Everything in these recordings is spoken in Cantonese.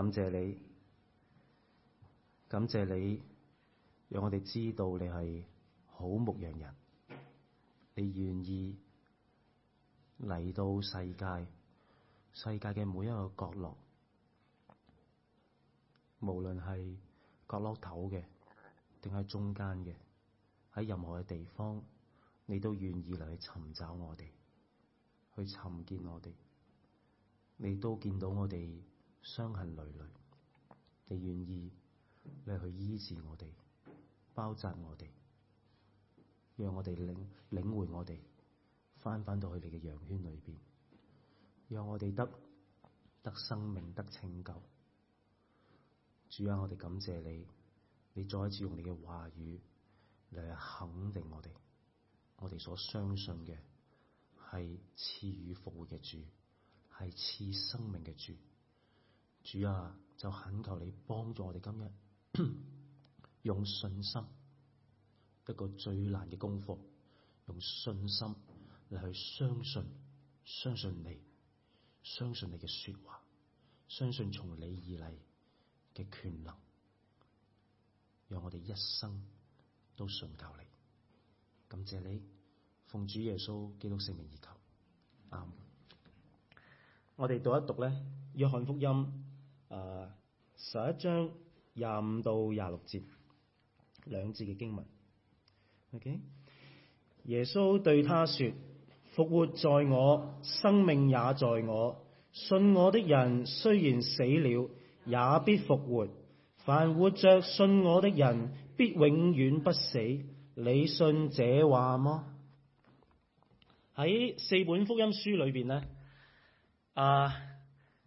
感謝你，感謝你，讓我哋知道你係好牧羊人。你願意嚟到世界，世界嘅每一個角落，無論係角落頭嘅，定係中間嘅，喺任何嘅地方，你都願意嚟去尋找我哋，去尋見我哋。你都見到我哋。傷痕累累，你願意你去醫治我哋、包紮我哋，讓我哋領領回我哋翻返到佢哋嘅羊圈裏邊，讓我哋得得生命得拯救。主啊，我哋感謝你，你再一次用你嘅話語嚟肯定我哋，我哋所相信嘅係賜予復活嘅主，係賜生命嘅主。主啊，就懇求你幫助我哋今日用信心一個最難嘅功課，用信心嚟去相信，相信你，相信你嘅說話，相信從你而嚟嘅權能，讓我哋一生都信靠你。感謝你，奉主耶穌基督聖名而求，啱。我哋讀一讀咧，《約翰福音》。啊，十一、uh, 章廿五到廿六節兩字嘅經文，OK，耶穌對他說：復活在我，生命也在我。信我的人雖然死了，也必復活。凡活着信我的人，必永遠不死。你信這話麼？喺四本福音書裏邊呢，啊、uh,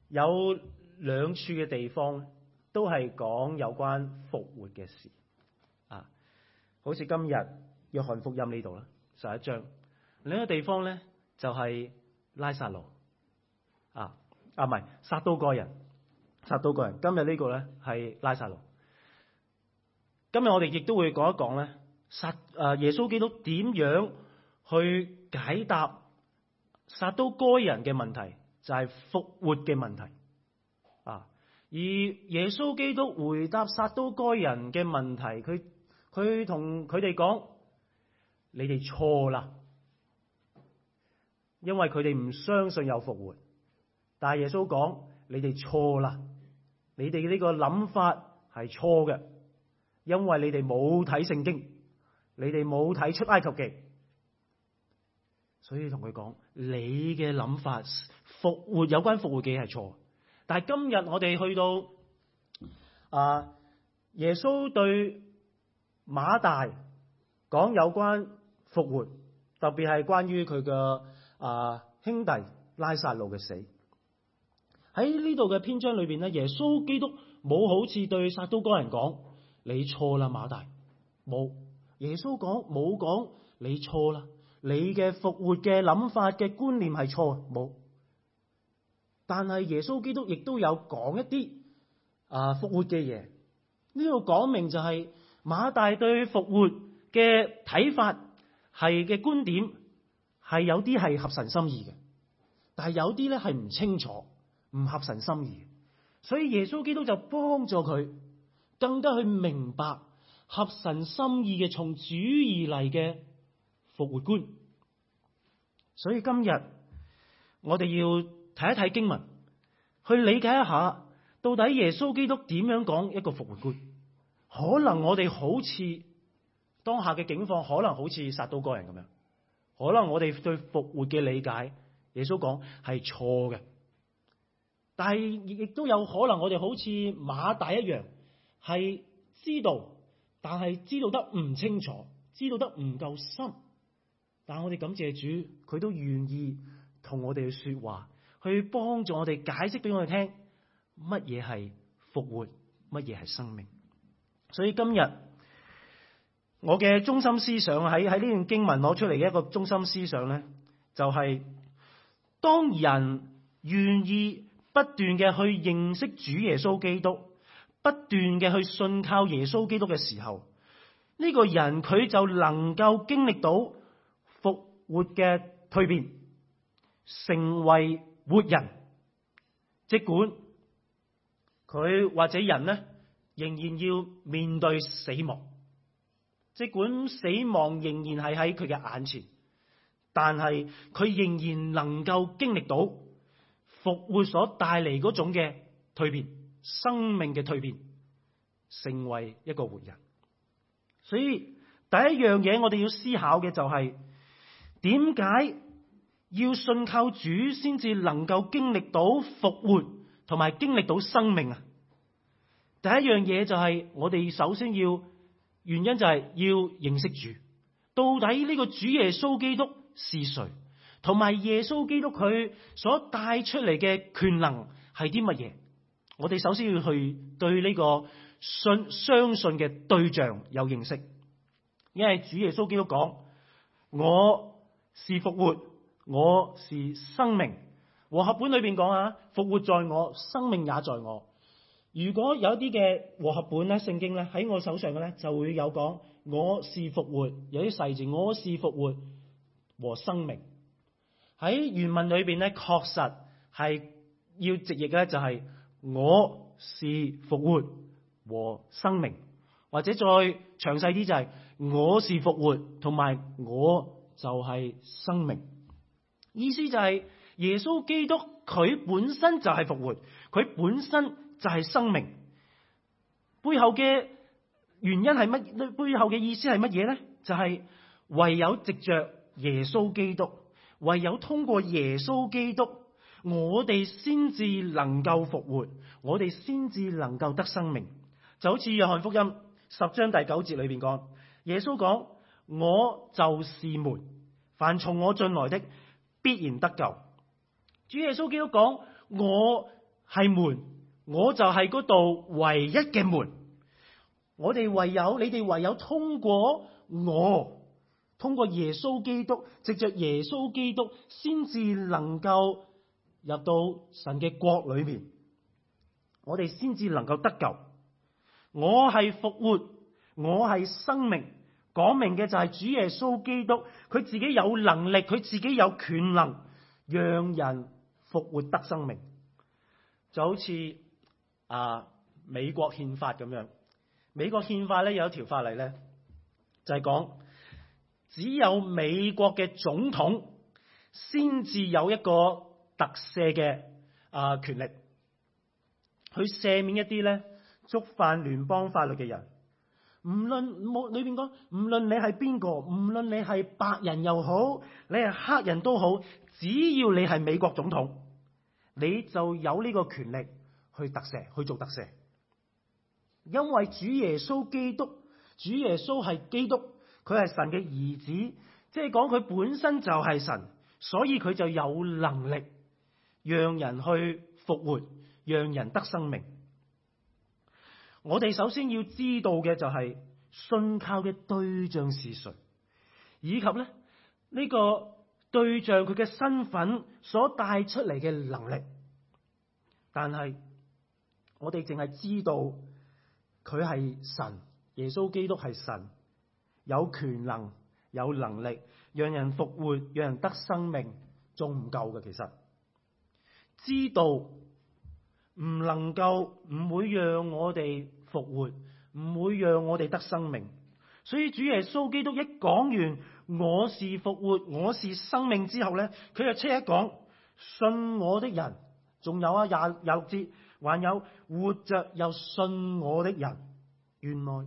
有。兩處嘅地方都係講有關復活嘅事啊，好似今日約翰福音呢度啦，十一章另一個地方咧就係、是、拉撒路啊啊，唔、啊、係撒都該人，撒都該人。今日呢個咧係拉撒路。今日我哋亦都會講一講咧，殺誒耶穌基督點樣去解答撒都該人嘅問題，就係、是、復活嘅問題。而耶穌基督回答撒都該人嘅問題，佢佢同佢哋講：你哋錯啦，因為佢哋唔相信有復活。但耶穌講：你哋錯啦，你哋呢個諗法係錯嘅，因為你哋冇睇聖經，你哋冇睇出埃及記，所以同佢講：你嘅諗法復活有關復活記係錯。但係今日我哋去到啊，耶穌對馬大講有關復活，特別係關於佢嘅啊兄弟拉撒路嘅死。喺呢度嘅篇章裏邊咧，耶穌基督冇好似對撒都該人講：你錯啦，馬大，冇。耶穌講冇講你錯啦，你嘅復活嘅諗法嘅觀念係錯冇。但係耶穌基督亦都有講一啲啊復活嘅嘢，呢個講明就係馬大對復活嘅睇法，係嘅觀點，係有啲係合神心意嘅，但係有啲咧係唔清楚，唔合神心意，所以耶穌基督就幫助佢更加去明白合神心意嘅從主而嚟嘅復活觀。所以今日我哋要。睇一睇經文，去理解一下到底耶穌基督點樣講一個復活觀。可能我哋好似當下嘅境況，可能好似殺到個人咁樣。可能我哋對復活嘅理解，耶穌講係錯嘅，但係亦都有可能我哋好似馬大一樣係知道，但係知道得唔清楚，知道得唔夠深。但我哋感謝主，佢都願意同我哋去說話。去幫助我哋，解釋俾我哋聽，乜嘢係復活，乜嘢係生命。所以今日我嘅中心思想喺喺呢段經文攞出嚟嘅一個中心思想呢，就係、是、當人願意不斷嘅去認識主耶穌基督，不斷嘅去信靠耶穌基督嘅時候，呢、呢個人佢就能夠經歷到復活嘅蛻變，成為。活人，即管佢或者人呢，仍然要面對死亡，即管死亡仍然係喺佢嘅眼前，但係佢仍然能夠經歷到復活所帶嚟嗰種嘅蛻變，生命嘅蛻變，成為一個活人。所以第一樣嘢我哋要思考嘅就係點解？要信靠主，先至能夠經歷到復活，同埋經歷到生命啊！第一樣嘢就係我哋首先要原因就係要認識主到底呢個主耶穌基督是誰，同埋耶穌基督佢所帶出嚟嘅權能係啲乜嘢？我哋首先要去對呢個信相信嘅對象有認識，因為主耶穌基督講，我是復活。我是生命，和合本裏邊講啊，復活在我，生命也在我。如果有啲嘅和合本咧，聖經咧喺我手上嘅咧，就會有講我是復活，有啲細字，我是復活和生命喺原文裏邊咧，確實係要直譯咧、就是，就係我是復活和生命，或者再詳細啲就係、是、我是復活同埋我就係生命。意思就係耶穌基督佢本身就係復活，佢本身就係生命。背後嘅原因係乜？背後嘅意思係乜嘢呢？就係唯有藉着耶穌基督，唯有通過耶穌基督，我哋先至能夠復活，我哋先至能夠得生命。就好似約翰福音十章第九節裏邊講，耶穌講，我就是門，凡從我進來的。必然得救。主耶穌基督講：我係門，我就係度唯一嘅門。我哋唯有，你哋唯有通過我，通過耶穌基督，藉着耶穌基督，先至能夠入到神嘅國裏面，我哋先至能夠得救。我係復活，我係生命。講明嘅就係主耶穌基督，佢自己有能力，佢自己有權能，讓人復活得生命。就好似啊美國憲法咁樣，美國憲法咧有一條法例咧，就係講只有美國嘅總統先至有一個特赦嘅啊權力，去赦免一啲咧觸犯聯邦法律嘅人。唔論冇里邊講，無論你係邊個，無論你係白人又好，你係黑人都好，只要你係美國總統，你就有呢個權力去特赦，去做特赦。因為主耶穌基督，主耶穌係基督，佢係神嘅兒子，即係講佢本身就係神，所以佢就有能力讓人去復活，讓人得生命。我哋首先要知道嘅就係信靠嘅對象是誰，以及咧呢個對象佢嘅身份所帶出嚟嘅能力。但係我哋淨係知道佢係神，耶穌基督係神，有權能有能力讓人復活、讓人得生命，仲唔夠嘅其實。知道。唔能夠，唔會讓我哋復活，唔會讓我哋得生命。所以主耶穌基督一講完我是復活，我是生命之後咧，佢就即刻講信我的人，仲有啊廿廿六節，還有活着又信我的人，原來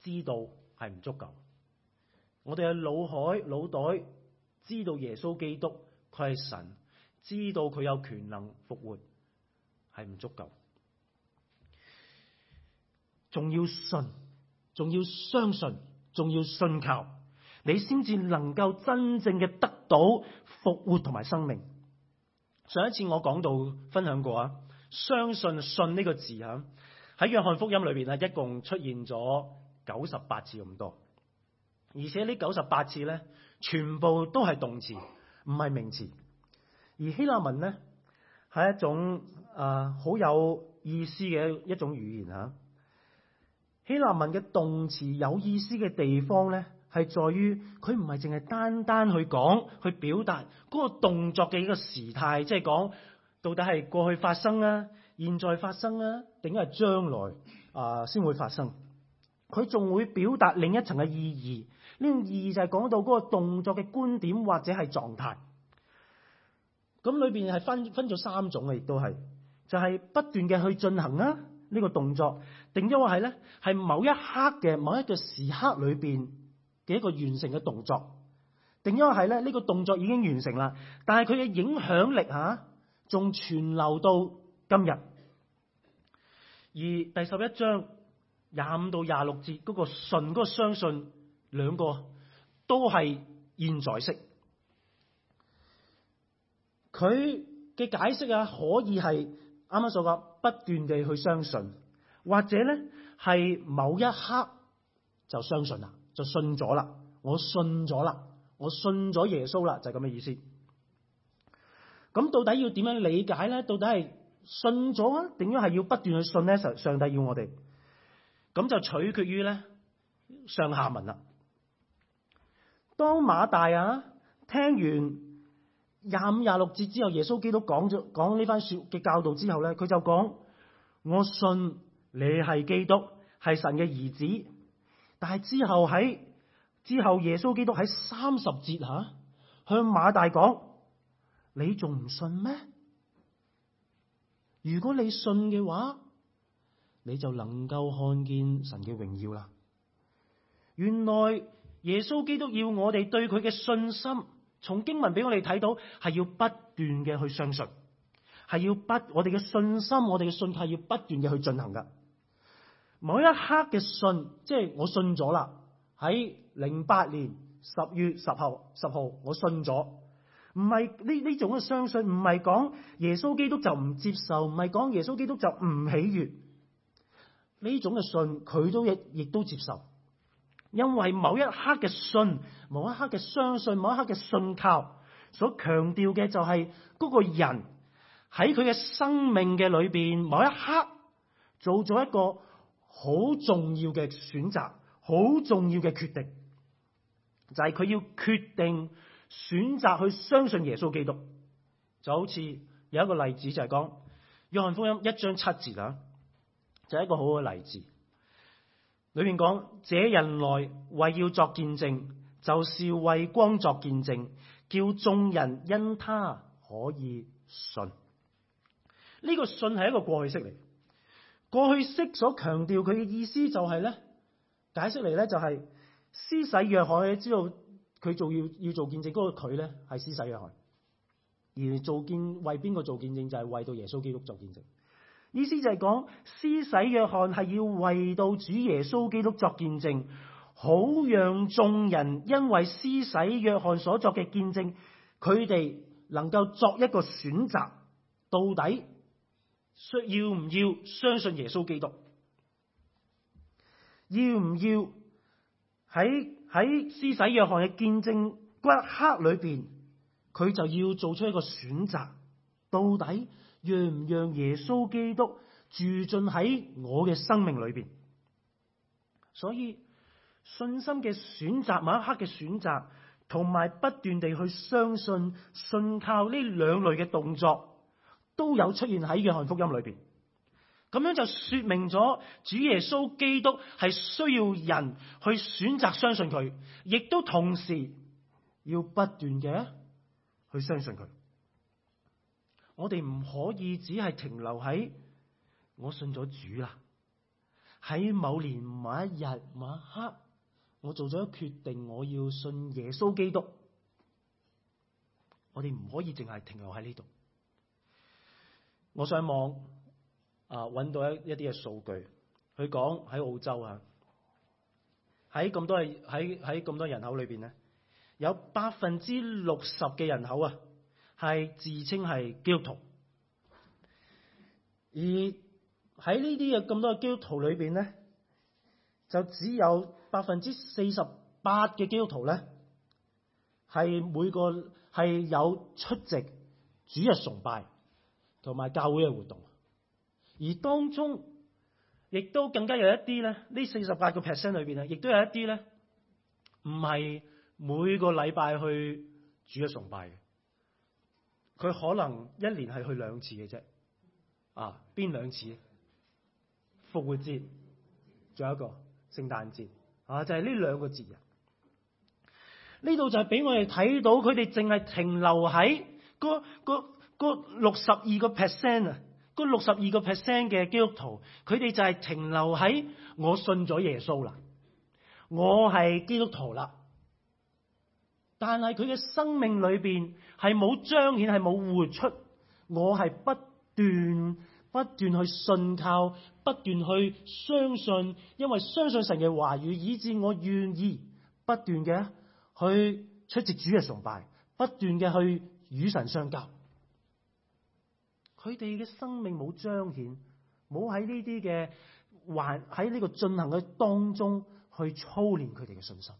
知道係唔足夠。我哋嘅腦海、腦袋知道耶穌基督佢係神，知道佢有權能復活。係唔足夠，仲要信，仲要相信，仲要信靠，你先至能夠真正嘅得到復活同埋生命。上一次我講到分享過啊，相信信呢個字啊，喺約翰福音裏邊啊，一共出現咗九十八次咁多，而且呢九十八次呢，全部都係動詞，唔係名詞，而希臘文呢。係一種啊好、呃、有意思嘅一種語言啊，希臘文嘅動詞有意思嘅地方咧，係在於佢唔係淨係單單去講去表達嗰個動作嘅一個時態，即係講到底係過去發生啊、現在發生啊，定係將來啊先、呃、會發生。佢仲會表達另一層嘅意義，呢種意義就係講到嗰個動作嘅觀點或者係狀態。咁裏邊係分分咗三種嘅，亦都係，就係、是、不斷嘅去進行啊呢個動作，定咗話係咧，係某一刻嘅某一個時刻裏邊嘅一個完成嘅動作，定咗話係咧，呢個動作已經完成啦，但係佢嘅影響力啊，仲存留到今日。而第十一章廿五到廿六節嗰個信嗰、嗰個相信兩個都係現在式。佢嘅解釋啊，可以係啱啱所講，不斷地去相信，或者咧係某一刻就相信啦，就信咗啦，我信咗啦，我信咗耶穌啦，就係咁嘅意思。咁到底要點樣理解咧？到底係信咗啊？定係要不斷去信咧？上上帝要我哋，咁就取決於咧上下文啦。當馬大啊，聽完，廿五廿六節之後，耶穌基督講咗講呢番說嘅教導之後咧，佢就講：我信你係基督，係神嘅兒子。但係之後喺之後，耶穌基督喺三十節吓、啊、向馬大講：你仲唔信咩？如果你信嘅話，你就能夠看見神嘅榮耀啦。原來耶穌基督要我哋對佢嘅信心。從經文俾我哋睇到，係要不斷嘅去相信，係要不我哋嘅信心，我哋嘅信係要不斷嘅去進行噶。某一刻嘅信，即係我信咗啦。喺零八年十月十號十號，我信咗。唔係呢呢種嘅相信，唔係講耶穌基督就唔接受，唔係講耶穌基督就唔喜悦。呢種嘅信，佢都亦亦都接受。因為某一刻嘅信，某一刻嘅相信，某一刻嘅信靠，所強調嘅就係嗰個人，喺佢嘅生命嘅裏邊，某一刻做咗一個好重要嘅選擇，好重要嘅決定，就係佢要決定選擇去相信耶穌基督。就好似有一個例子就係講約翰福音一章七節啊，就係一個好嘅例子。裏面講，這人來為要作見證，就是為光作見證，叫眾人因他可以信。呢、這個信係一個過去式嚟，過去式所強調佢嘅意思就係、是、咧，解釋嚟咧就係、是、施洗約翰，知道佢做要要做見證，嗰個佢咧係施洗約翰，而做見證，為邊個做見證就係、是、為到耶穌基督作見證。意思就係講，施洗約翰係要為到主耶穌基督作見證，好讓眾人因為施洗約翰所作嘅見證，佢哋能夠作一個選擇，到底需要唔要相信耶穌基督？要唔要喺喺施洗約翰嘅見證骨刻裏邊，佢就要做出一個選擇，到底？讓唔讓耶穌基督住進喺我嘅生命裏邊？所以信心嘅選擇，某一刻嘅選擇，同埋不斷地去相信、信靠呢兩類嘅動作，都有出現喺《約翰福音》裏邊。咁樣就說明咗，主耶穌基督係需要人去選擇相信佢，亦都同時要不斷嘅去相信佢。我哋唔可以只係停留喺我信咗主啦。喺某年某一日晚黑，我做咗決定，我要信耶穌基督。我哋唔可以淨係停留喺呢度。我上網啊，揾到一一啲嘅數據，佢講喺澳洲吓，喺咁多喺喺咁多人口裏邊咧，有百分之六十嘅人口啊。係自稱係基督徒，而喺呢啲嘅咁多嘅基督徒裏邊咧，就只有百分之四十八嘅基督徒咧，係每個係有出席主日崇拜同埋教會嘅活動，而當中亦都更加有一啲咧，呢四十八個 percent 裏邊啊，亦都有一啲咧唔係每個禮拜去主日崇拜嘅。佢可能一年係去兩次嘅啫，啊，邊兩次？復活節，仲有一個聖誕節，啊，就係呢兩個節日，啊。呢度就係俾我哋睇到，佢哋淨係停留喺個個個六十二個 percent 啊，六十二個 percent 嘅基督徒，佢哋就係停留喺我信咗耶穌啦，我係基督徒啦。但係佢嘅生命裏邊係冇彰顯，係冇活出。我係不斷不斷去信靠，不斷去相信，因為相信神嘅話語，以致我願意不斷嘅去出席主嘅崇拜，不斷嘅去與神相交。佢哋嘅生命冇彰顯，冇喺呢啲嘅環喺呢個進行嘅當中去操練佢哋嘅信心。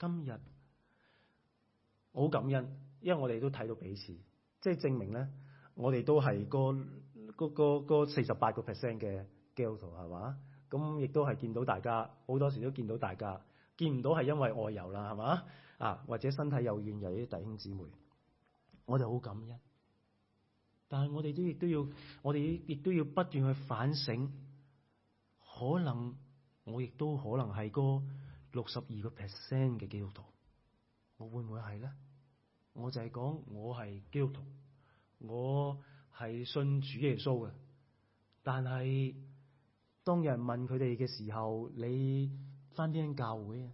今日好感恩，因為我哋都睇到彼此，即係證明咧，我哋都係個個個個四十八個 percent 嘅基督徒係嘛，咁亦都係見到大家好多時都見到大家，見唔到係因為外遊啦係嘛啊，或者身體有軟弱啲弟兄姊妹，我哋好感恩，但係我哋都亦都要，我哋亦都要不斷去反省，可能我亦都可能係個。六十二個 percent 嘅基督徒，我會唔會係呢？我就係講我係基督徒，我係信主耶穌嘅。但係當人問佢哋嘅時候，你翻邊間教會啊？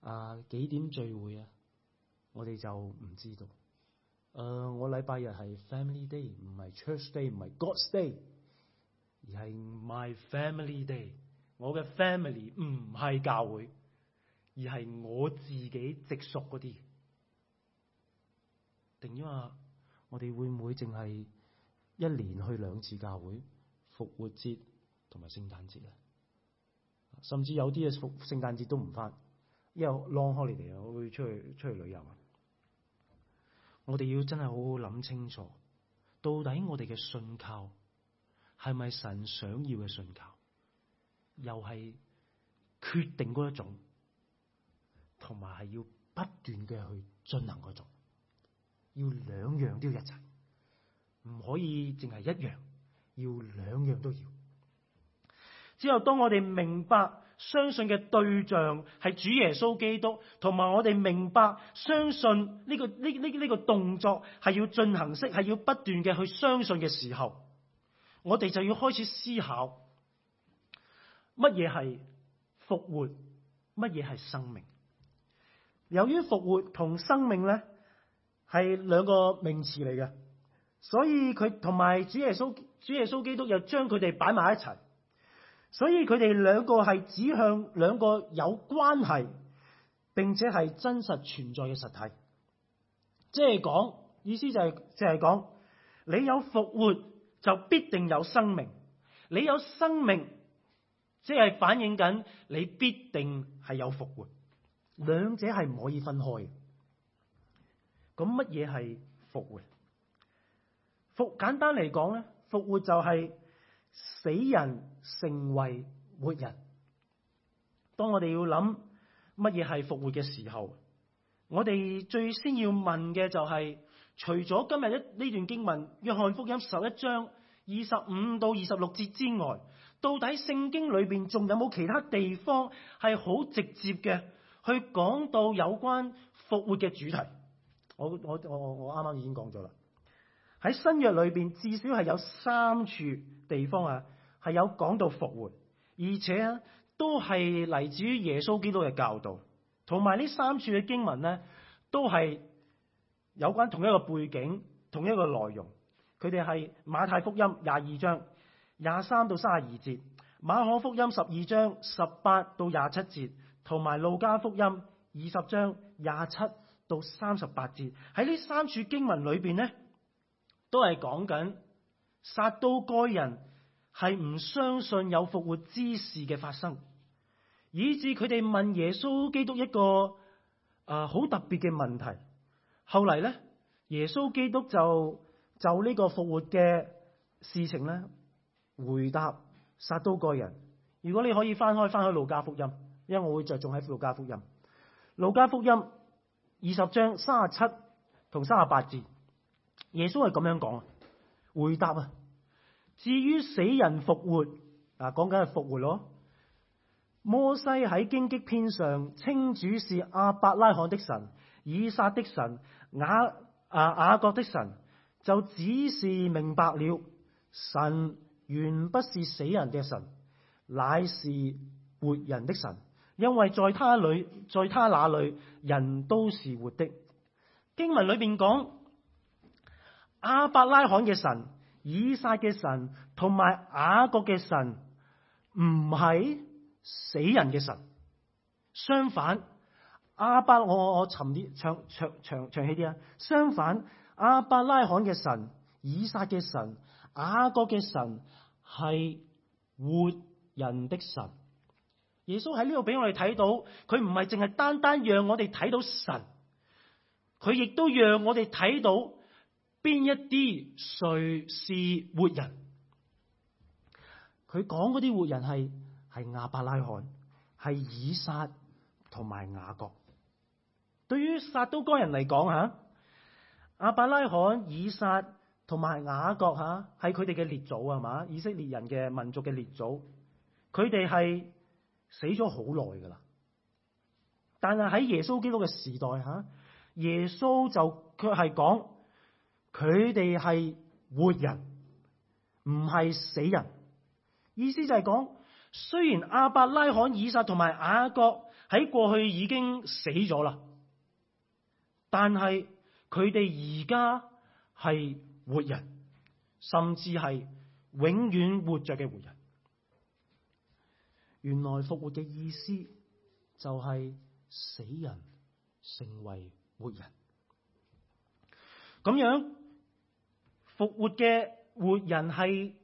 啊，幾點聚會啊？我哋就唔知道。誒、呃，我禮拜日係 Family Day，唔係 Church Day，唔係 God Day，而係 My Family Day。我嘅 family 唔係教會。而係我自己直屬嗰啲，定咗啊！我哋會唔會淨係一年去兩次教會，復活節同埋聖誕節咧？甚至有啲嘢復聖誕節都唔返，又 long holiday 啊！我會出去出去旅遊。我哋要真係好好諗清楚，到底我哋嘅信靠係咪神想要嘅信靠，又係決定嗰一種。同埋係要不斷嘅去進行嗰種，要兩樣都要一齊，唔可以淨係一樣，要兩樣都要。之後，當我哋明白相信嘅對象係主耶穌基督，同埋我哋明白相信呢個呢呢呢個動作係要進行式，係要不斷嘅去相信嘅時候，我哋就要開始思考乜嘢係復活，乜嘢係生命。由於復活同生命咧，係兩個名詞嚟嘅，所以佢同埋主耶穌主耶穌基督又將佢哋擺埋一齊，所以佢哋兩個係指向兩個有關係，並且係真實存在嘅實體。即係講，意思就係，即係講你有復活就必定有生命，你有生命即係反映緊你必定係有復活。兩者係唔可以分開嘅。咁乜嘢係復活？復簡單嚟講呢，復活就係死人成為活人。當我哋要諗乜嘢係復活嘅時候，我哋最先要問嘅就係，除咗今日一呢段經文《約翰福音》十一章二十五到二十六節之外，到底聖經裏邊仲有冇其他地方係好直接嘅？去講到有關復活嘅主題我，我我我我啱啱已經講咗啦。喺新約裏邊，至少係有三處地方啊，係有講到復活，而且啊，都係嚟自於耶穌基督嘅教導，同埋呢三處嘅經文咧，都係有關同一個背景、同一個內容。佢哋係馬太福音廿二章廿三到卅二節，馬可福音十二章十八到廿七節。同埋《路加福音》二十章廿七到三十八節，喺呢三處經文裏邊咧，都係講緊撒都該人係唔相信有復活之事嘅發生，以致佢哋問耶穌基督一個誒好、呃、特別嘅問題。後嚟咧，耶穌基督就就呢個復活嘅事情咧，回答撒都該人。如果你可以翻開翻開《路加福音》。因為我會着重喺《路加福音》《路加福音》二十章三十七同三十八節，耶穌係咁樣講啊，回答啊。至於死人復活啊，講緊係復活咯。摩西喺荊棘篇上稱主是亞伯拉罕的神、以撒的神、雅啊雅各的神，就只是明白了神原不是死人嘅神，乃是活人的神。因為在他裏，在他那裏，人都是活的。經文裏邊講，亞伯拉罕嘅神、以撒嘅神同埋雅各嘅神，唔係死人嘅神。相反，亞伯我我我沉啲長長長長氣啲啊！相反，亞伯拉罕嘅神、以撒嘅神、雅各嘅神係活人的神。耶穌喺呢度俾我哋睇到，佢唔係淨係單單讓我哋睇到神，佢亦都讓我哋睇到邊一啲誰是活人。佢講嗰啲活人係係亞伯拉罕、係以撒同埋雅各。對於撒都該人嚟講吓，亞伯拉罕、以撒同埋雅各吓，係佢哋嘅列祖啊嘛，以色列人嘅民族嘅列祖，佢哋係。死咗好耐噶啦，但係喺耶穌基督嘅時代吓，耶穌就卻係講佢哋係活人，唔係死人。意思就係講，雖然阿伯拉罕、以撒同埋雅各喺過去已經死咗啦，但係佢哋而家係活人，甚至係永遠活着嘅活人。原來復活嘅意思就係死人成為活人，咁樣復活嘅活人係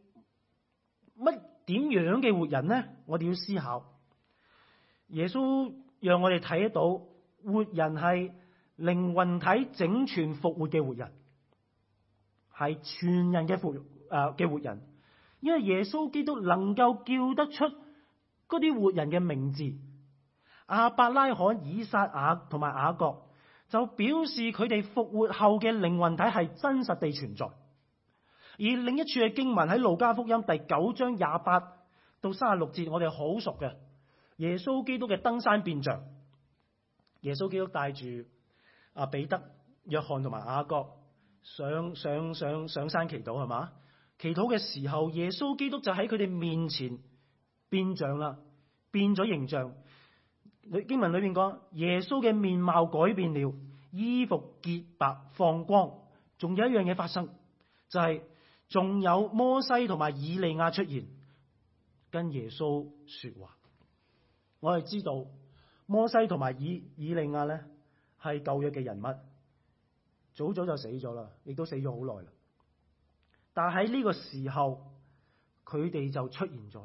乜點樣嘅活人呢？我哋要思考。耶穌讓我哋睇得到，活人係靈魂體整全復活嘅活人，係全人嘅復活誒嘅、呃、活人，因為耶穌基督能夠叫得出。嗰啲活人嘅名字，亞伯拉罕、以撒、雅同埋雅各，就表示佢哋復活後嘅靈魂體係真實地存在。而另一處嘅經文喺路加福音第九章廿八到卅六節，我哋好熟嘅。耶穌基督嘅登山變像，耶穌基督帶住阿、啊、彼得、約翰同埋雅各上上上上，上山祈禱，係嘛？祈禱嘅時候，耶穌基督就喺佢哋面前。變相啦，變咗形象。經文裏面講，耶穌嘅面貌改變了，衣服潔白放光。仲有一樣嘢發生，就係、是、仲有摩西同埋以利亞出現，跟耶穌說話。我哋知道摩西同埋以以利亞咧係舊約嘅人物，早早就死咗啦，亦都死咗好耐啦。但喺呢個時候，佢哋就出現咗。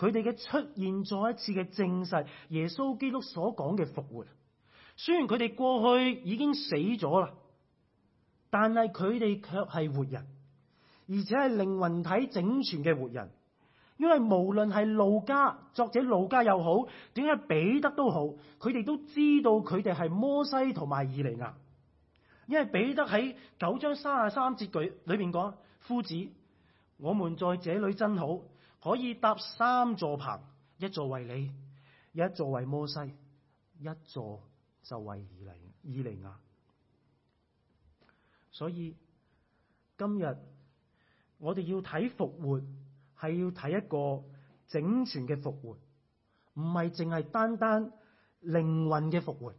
佢哋嘅出現再一次嘅證實，耶穌基督所講嘅復活。雖然佢哋過去已經死咗啦，但係佢哋卻係活人，而且係靈魂體整全嘅活人。因為無論係路加，作者路加又好，點解彼得都好，佢哋都知道佢哋係摩西同埋以利亞。因為彼得喺九章三十三節句裏邊講：夫子，我們在這裏真好。可以搭三座棚，一座為你，一座為摩西，一座就為以利亞。以利亞。所以今日我哋要睇復活，係要睇一個整全嘅復活，唔係淨係單單靈魂嘅復活，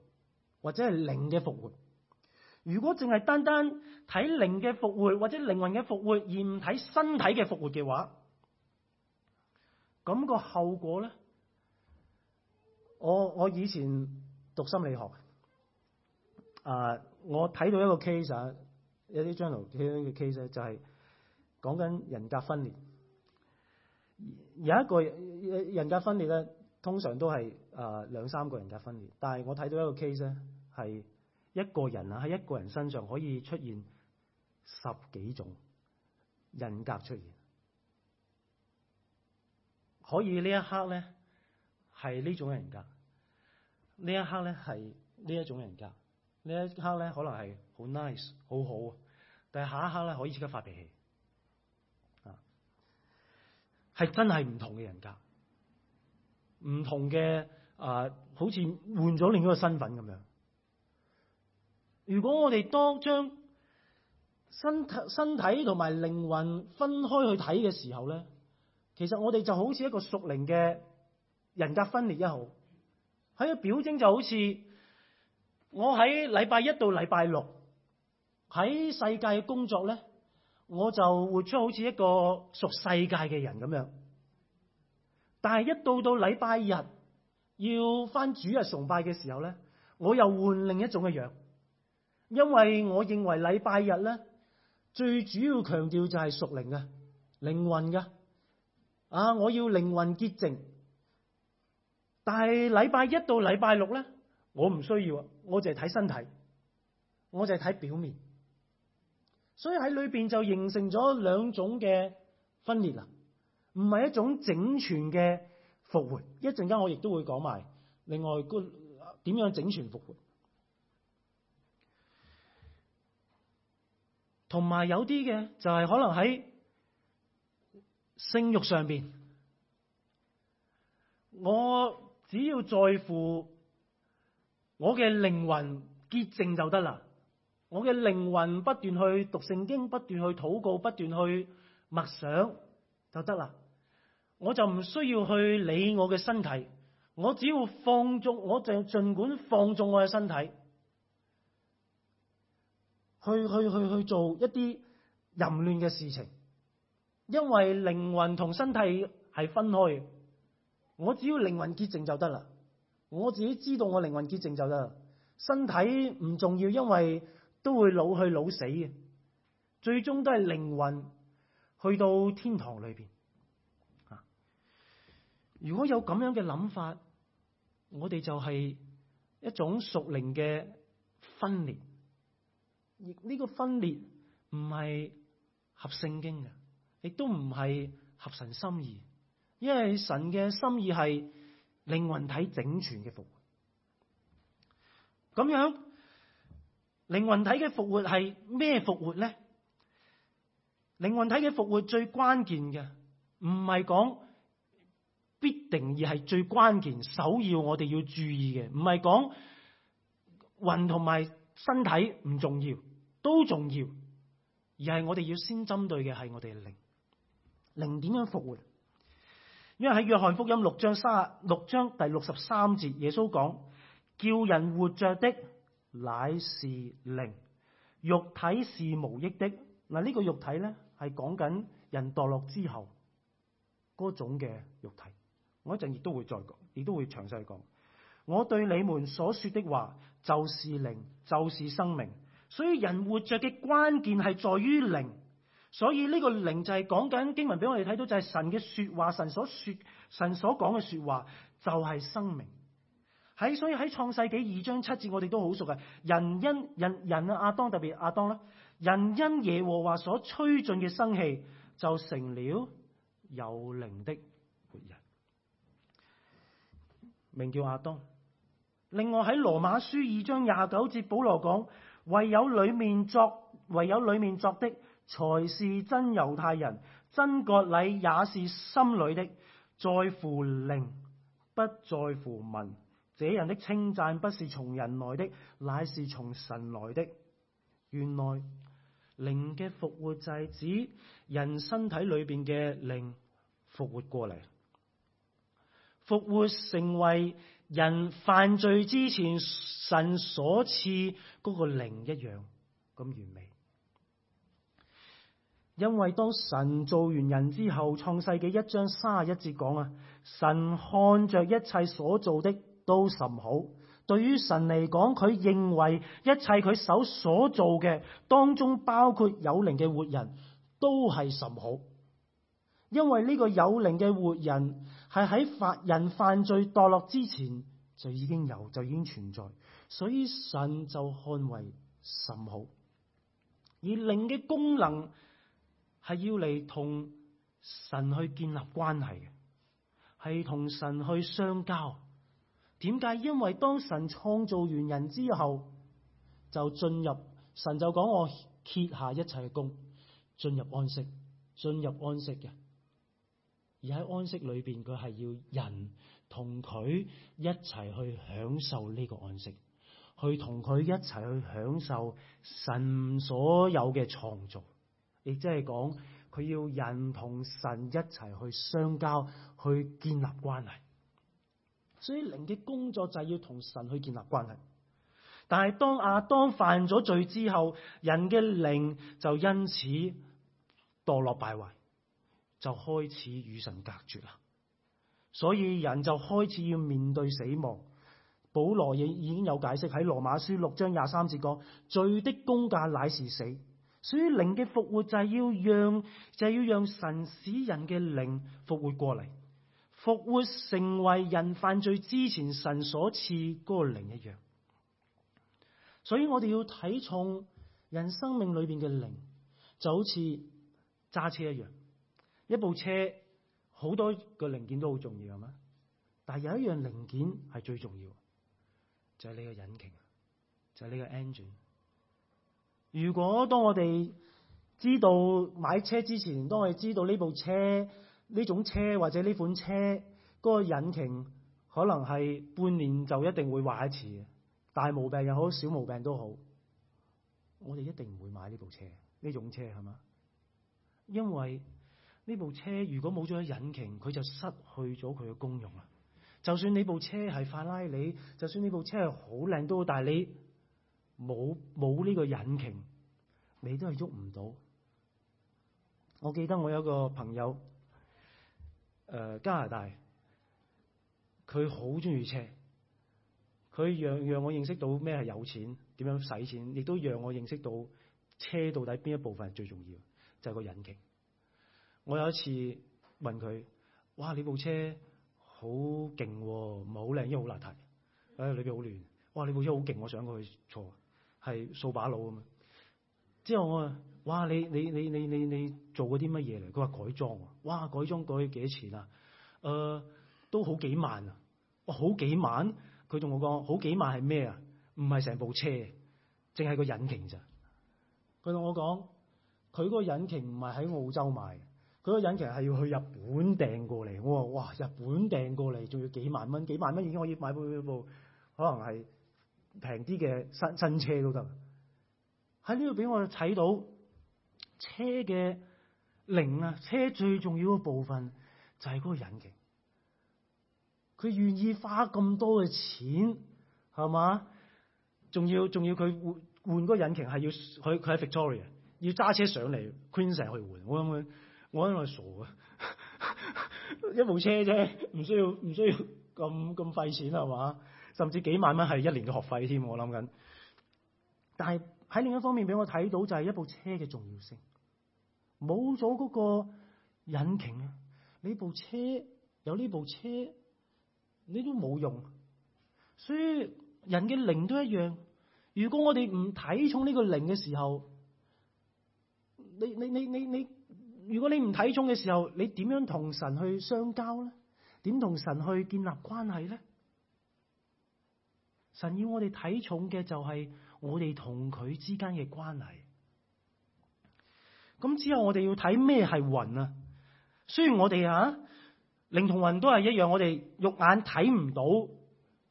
或者係靈嘅復活。如果淨係單單睇靈嘅復活或者靈魂嘅復活，而唔睇身體嘅復活嘅話，咁個後果咧，我我以前讀心理學啊、呃，我睇到一個 case，啊，有啲 journal 睇到嘅 case 咧，就係講緊人格分裂。有一個人，人格分裂咧，通常都係啊、呃、兩三個人格分裂，但係我睇到一個 case 咧，係一個人啊喺一個人身上可以出現十幾種人格出現。可以呢一刻咧，係呢種人格；呢一刻咧，係呢一種人格；呢一刻咧，可能係好 nice、好好，但係下一刻咧，可以即刻發脾氣。啊，係真係唔同嘅人格，唔同嘅啊、呃，好似換咗另一個身份咁樣。如果我哋當將身體、身體同埋靈魂分開去睇嘅時候咧，其實我哋就好似一個屬靈嘅人格分裂一號，喺個表徵就好似我喺禮拜一到禮拜六喺世界嘅工作咧，我就活出好似一個屬世界嘅人咁樣。但係一到到禮拜日要返主日崇拜嘅時候咧，我又換另一種嘅樣，因為我認為禮拜日咧最主要強調就係屬靈啊、靈魂噶。啊！我要靈魂潔淨，但係禮拜一到禮拜六咧，我唔需要啊！我淨係睇身體，我淨係睇表面，所以喺裏邊就形成咗兩種嘅分裂啦，唔係一種整全嘅復活。一陣間我亦都會講埋另外嗰點樣整全復活，同埋有啲嘅就係可能喺。性慾上邊，我只要在乎我嘅靈魂潔淨就得啦。我嘅靈魂不斷去讀聖經，不斷去禱告，不斷去默想就得啦。我就唔需要去理我嘅身體，我只要放縱，我就儘管放縱我嘅身體，去去去去做一啲淫亂嘅事情。因為靈魂同身體係分開嘅，我只要靈魂潔淨就得啦。我自己知道我靈魂潔淨就得，身體唔重要，因為都會老去老死嘅，最終都係靈魂去到天堂裏邊。啊，如果有咁樣嘅諗法，我哋就係一種屬靈嘅分裂，而呢個分裂唔係合聖經嘅。亦都唔係合神心意，因為神嘅心意係靈魂體整全嘅復活。咁樣靈魂體嘅復活係咩復活咧？靈魂體嘅復活，活，活最關鍵嘅，唔係講必定而係最關鍵、首要我哋要注意嘅，唔係講魂同埋身體唔重要，都重要，而係我哋要先針對嘅係我哋靈。靈點樣復活？因為喺約翰福音六章三十六章第六十三節，耶穌講：叫人活着的乃是靈，肉體是無益的。嗱、這、呢個肉體呢，係講緊人墮落之後嗰種嘅肉體。我一陣亦都會再講，亦都會詳細講。我對你們所說的話就是靈，就是生命。所以人活着嘅關鍵係在於靈。所以呢個靈就係講緊，經文俾我哋睇到，就係神嘅說話，神所說、神所講嘅說話就係生命。喺所以喺創世紀二章七節，我哋都好熟嘅人因人人阿當特別阿當啦，人因耶和華所吹進嘅生氣，就成了有靈的活人，名叫阿當。另外喺羅馬書二章廿九節，保羅講唯有裏面作唯有裏面作的。才是真猶太人，真割禮也是心裏的，在乎靈，不在乎民，這人的稱讚不是從人來的，乃是從神來的。原來靈嘅復活就係指人身體裏邊嘅靈復活過嚟，復活成為人犯罪之前神所賜嗰個靈一樣咁完美。因為當神做完人之後，創世記一章三十一節講啊，神看着一切所做的都甚好。對於神嚟講，佢認為一切佢手所做嘅當中包括有靈嘅活人都係甚好。因為呢個有靈嘅活人係喺法人犯罪墮落之前就已經有，就已經存在，所以神就看為甚好。而靈嘅功能，係要嚟同神去建立關係嘅，係同神去相交。點解？因為當神創造完人之後，就進入，神就講我揭下一切嘅功，進入安息，進入安息嘅。而喺安息裏邊，佢係要人同佢一齊去享受呢個安息，去同佢一齊去享受神所有嘅創造。亦即係講，佢要人同神一齊去相交，去建立關係。所以靈嘅工作就係要同神去建立關係。但係當亞當犯咗罪之後，人嘅靈就因此墮落敗壞，就開始與神隔絕啦。所以人就開始要面對死亡。保羅亦已經有解釋喺羅馬書六章廿三節講：罪的工價乃是死。所以靈嘅復活就係要讓就係要讓神使人嘅靈復活過嚟，復活成為人犯罪之前神所賜嗰個靈一樣。所以我哋要睇重人生命裏邊嘅靈，就好似揸車一樣，一部車好多嘅零件都好重要係嘛，但係有一樣零件係最重要，就係呢個引擎，就係呢個 engine。如果當我哋知道買車之前，當我哋知道呢部車呢種車或者呢款車嗰個引擎可能係半年就一定會壞一次，大毛病又好，小毛病都好，我哋一定唔會買呢部車，呢種車係嘛？因為呢部車如果冇咗引擎，佢就失去咗佢嘅功用啦。就算呢部車係法拉利，就算呢部車係好靚都好，但係你，冇冇呢個引擎，你都係喐唔到。我記得我有一個朋友，誒、呃、加拿大，佢好中意車，佢讓讓我認識到咩係有錢點樣使錢，亦都讓我認識到車到底邊一部分係最重要，就係、是、個引擎。我有一次問佢：哇！你部車好勁喎，唔係好靚，因為好邋遢，誒裏邊好亂。哇！你部車好勁，我想過去坐。係掃把佬咁嘛，之後我話：哇！你你你你你你做過啲乜嘢嚟？佢話改裝啊！哇！改裝改幾多錢啊？誒、呃，都好幾萬啊、哦！好幾萬！佢同我講：好幾萬係咩啊？唔係成部車，淨係個引擎咋。佢同我講：佢嗰個引擎唔係喺澳洲買，佢個引擎係要去日本訂過嚟。我話：哇！日本訂過嚟仲要幾萬蚊？幾萬蚊已經可以買一部部可能係。平啲嘅新新車都得，喺呢度俾我哋睇到車嘅零啊，車最重要嘅部分就係嗰個引擎。佢願意花咁多嘅錢，係嘛？仲要仲要佢換換嗰個引擎係要佢佢喺 Victoria 要揸車上嚟 Queensland 去換，我諗佢我諗佢傻啊。 一部車啫，唔需要唔需要咁咁費錢係嘛？甚至幾萬蚊係一年嘅學費添，我諗緊。但係喺另一方面俾我睇到就係一部車嘅重要性。冇咗嗰個引擎咧，你部車有呢部車你都冇用。所以人嘅靈都一樣。如果我哋唔睇重呢個靈嘅時候，你你你你你，如果你唔睇重嘅時候，你點樣同神去相交呢？點同神去建立關係呢？神要我哋睇重嘅就係我哋同佢之間嘅關係。咁之後我哋要睇咩係魂啊？雖然我哋吓靈同魂都係一樣，我哋肉眼睇唔到，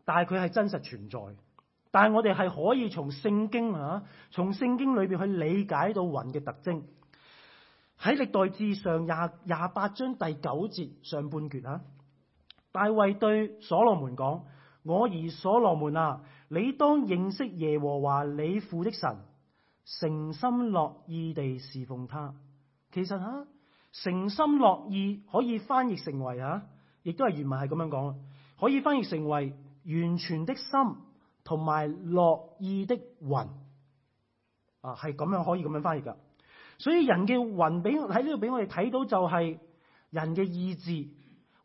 但係佢係真實存在。但係我哋係可以從聖經吓、啊，從聖經裏邊去理解到魂嘅特徵。喺歷代志上廿廿八章第九節上半段啊，大衛對所羅門講。我兒所羅門啊，你當認識耶和華你父的神，誠心樂意地侍奉他。其實啊，誠心樂意可以翻譯成為啊，亦都係原文係咁樣講，可以翻譯成為完全的心同埋樂意的魂啊，係咁樣可以咁樣翻譯噶。所以人嘅魂俾喺呢度俾我哋睇到就係人嘅意志。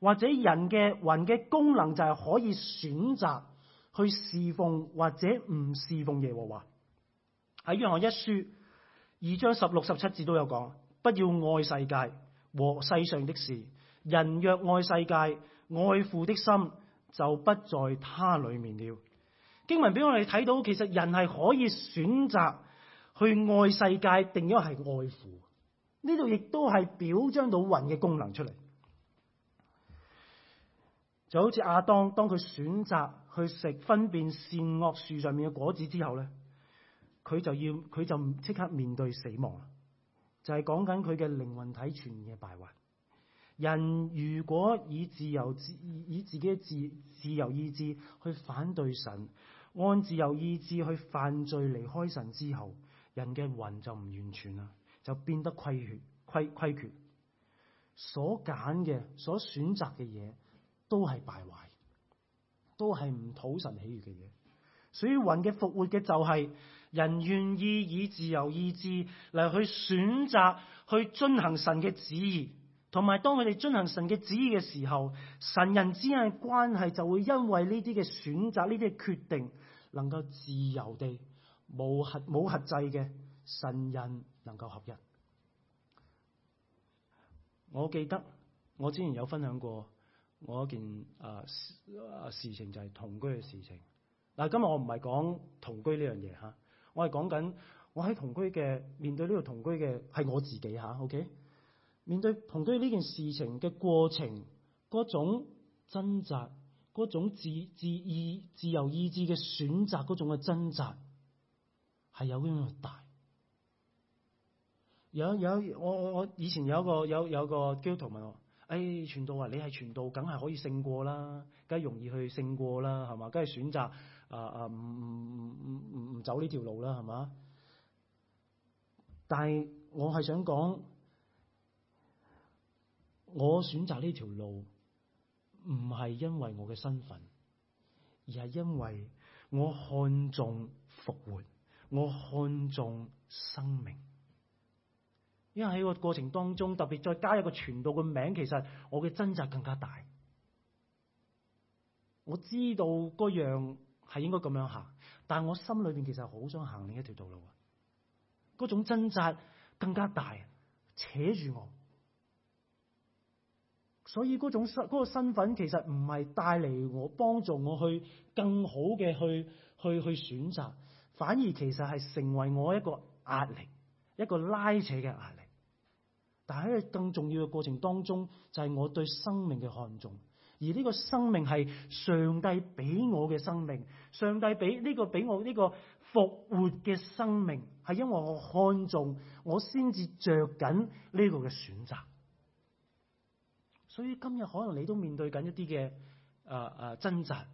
或者人嘅魂嘅功能就係可以選擇去侍奉或者唔侍奉耶和華喺約翰一書二章十六十七節都有講，不要愛世界和世上的事，人若愛世界，愛父的心就不在他裏面了。經文俾我哋睇到，其實人係可以選擇去愛世界，定咗係愛父。呢度亦都係表彰到魂嘅功能出嚟。就好似阿當，當佢選擇去食分辨善惡樹上面嘅果子之後咧，佢就要佢就即刻面對死亡。就係講緊佢嘅靈魂體全嘅敗壞。人如果以自由自以自己自自由意志去反對神，按自由意志去犯罪，離開神之後，人嘅魂就唔完全啦，就變得虧缺虧虧缺。所揀嘅，所選擇嘅嘢。都係敗壞，都係唔討神喜悦嘅嘢。所以魂嘅復活嘅就係、是、人願意以自由意志嚟去選擇去遵行神嘅旨意，同埋當佢哋遵行神嘅旨意嘅時候，神人之間嘅關係就會因為呢啲嘅選擇、呢啲嘅決定，能夠自由地冇核冇核制嘅神人能夠合一。我記得我之前有分享過。我一件啊啊事情就係同居嘅事情。嗱，今日我唔係講同居呢樣嘢吓，我係講緊我喺同居嘅面對呢個同居嘅係我自己吓。OK，面對同居呢件事情嘅過程，嗰種掙扎，嗰種自自意自由意志嘅選擇，嗰種嘅掙扎係有咁樣大。有有我我我以前有一個有有個基督徒問我。誒，傳道啊！你係傳道，梗係可以勝過啦，梗係容易去勝過啦，係嘛？梗係選擇啊啊唔唔唔唔唔唔走呢條路啦，係嘛？但係我係想講，我選擇呢條路唔係因為我嘅身份，而係因為我看重復活，我看重生命。因為喺個過程當中，特別再加一個傳道嘅名，其實我嘅掙扎更加大。我知道嗰樣係應該咁樣行，但係我心裏邊其實好想行另一條道路。嗰種掙扎更加大，啊，扯住我。所以嗰種身、嗰個身份其實唔係帶嚟我幫助我去更好嘅去去去選擇，反而其實係成為我一個壓力，一個拉扯嘅壓力。但喺更重要嘅過程當中，就係我對生命嘅看重，而呢個生命係上帝俾我嘅生命，上帝俾呢個俾我呢個復活嘅生命，係因為我看重，我先至着緊呢個嘅選擇。所以今日可能你都面對緊一啲嘅誒誒掙扎，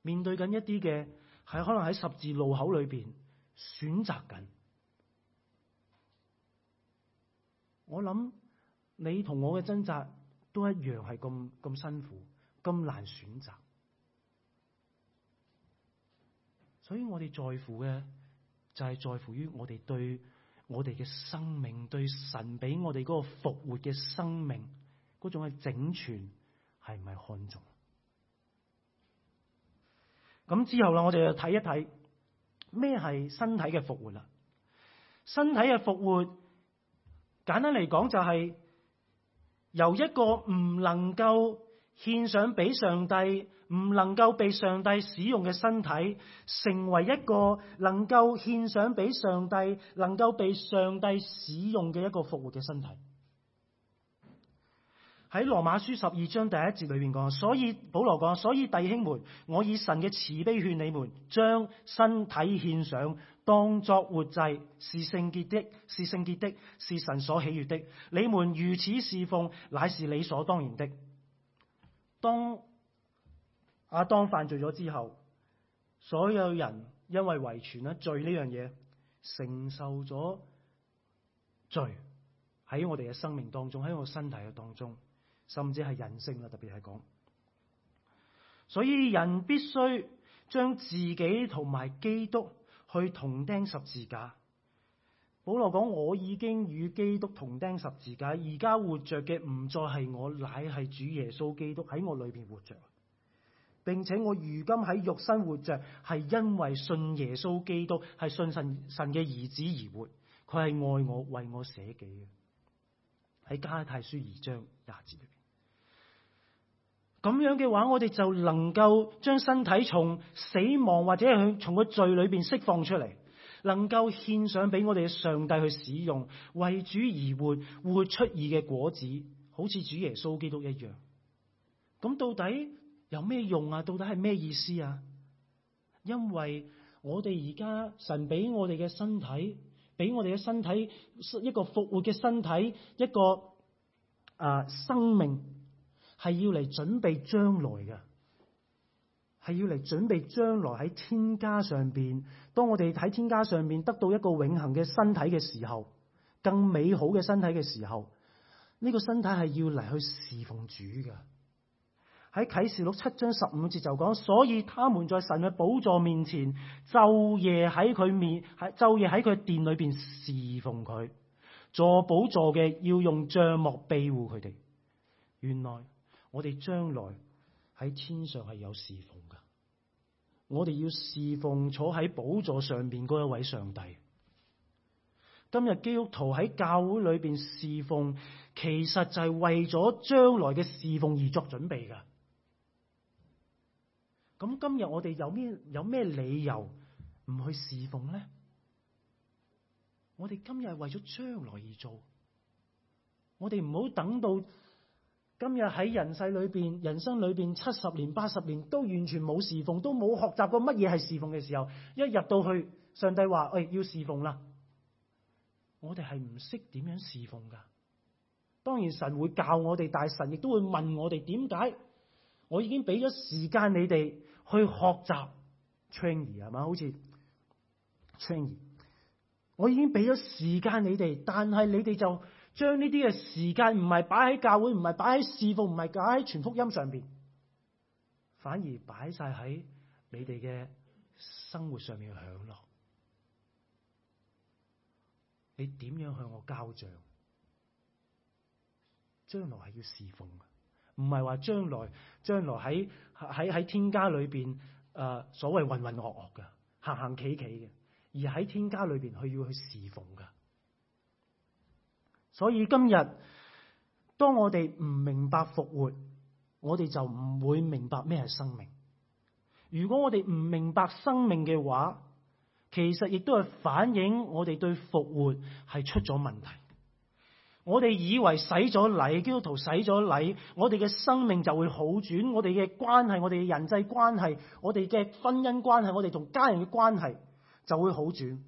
面對緊一啲嘅係可能喺十字路口裏邊選擇緊。我諗你同我嘅掙扎都一樣，係咁咁辛苦，咁難選擇。所以我哋在乎嘅就係在乎於我哋對我哋嘅生命，對神俾我哋嗰個復活嘅生命，嗰種嘅整全係唔係看重。咁之後啦，我哋就睇一睇咩係身體嘅復活啦，身體嘅復活。簡單嚟講就係由一個唔能夠獻上俾上帝、唔能夠被上帝使用嘅身體，成為一個能夠獻上俾上帝、能夠被上帝使用嘅一個復活嘅身體。喺羅馬書十二章第一節裏面講，所以保羅講，所以弟兄們，我以神嘅慈悲勸你們，將身體獻上。當作活祭是聖潔的，是聖潔的，是神所喜悅的。你們如此侍奉，乃是理所當然的。當亞當犯罪咗之後，所有人因為遺傳啦罪呢樣嘢，承受咗罪喺我哋嘅生命當中，喺我身體嘅當中，甚至係人性啦，特別係講。所以人必須將自己同埋基督。去同釘十字架。保羅講：我已經與基督同釘十字架，而家活着嘅，唔再係我，乃係主耶穌基督喺我裏邊活着，並且我如今喺肉身活着，係因為信耶穌基督，係信神神嘅兒子而活。佢係愛我，為我捨己嘅。喺加太書二章廿節裏邊。咁樣嘅話，我哋就能夠將身體從死亡或者係從個罪裏邊釋放出嚟，能夠獻上俾我哋嘅上帝去使用，為主而活，活出義嘅果子，好似主耶穌基督一樣。咁到底有咩用啊？到底係咩意思啊？因為我哋而家神俾我哋嘅身體，俾我哋嘅身體一個復活嘅身體，一個啊、呃、生命。係要嚟準備將來嘅，係要嚟準備將來喺天家上邊。當我哋喺天家上邊得到一個永恆嘅身體嘅時候，更美好嘅身體嘅時候，呢、這個身體係要嚟去侍奉主嘅。喺啟示錄七章十五節就講，所以他們在神嘅寶座面前，晝夜喺佢面喺晝夜喺佢殿裏邊侍奉佢，坐寶座嘅要用帳幕庇護佢哋。原來。我哋將來喺天上係有侍奉噶，我哋要侍奉坐喺寶座上邊嗰一位上帝。今日基督徒喺教會裏邊侍奉，其實就係為咗將來嘅侍奉而作準備噶。咁今日我哋有咩有咩理由唔去侍奉呢？我哋今日係為咗將來而做，我哋唔好等到。今日喺人世裏邊，人生裏邊七十年、八十年都完全冇侍奉，都冇學習過乜嘢係侍奉嘅時候，一入到去，上帝話：誒、欸，要侍奉啦。我哋係唔識點樣侍奉噶。當然神會教我哋，但神亦都會問我哋：點解我已經俾咗時間你哋去學習 training 係嘛？好似 training 我已經俾咗時間你哋，但係你哋就。將呢啲嘅時間唔係擺喺教會，唔係擺喺侍奉，唔係擺喺全福音上邊，反而擺晒喺你哋嘅生活上面嘅享樂。你點樣向我交賬？將來係要侍奉噶，唔係話將來將來喺喺喺天家裏邊誒、呃、所謂渾渾噩噩噶，行行企企嘅，而喺天家裏邊佢要去侍奉噶。所以今日，當我哋唔明白復活，我哋就唔會明白咩係生命。如果我哋唔明白生命嘅話，其實亦都係反映我哋對復活係出咗問題。我哋以為洗咗禮，基督徒洗咗禮，我哋嘅生命就會好轉，我哋嘅關係、我哋嘅人際關係、我哋嘅婚姻關係、我哋同家人嘅關係就會好轉。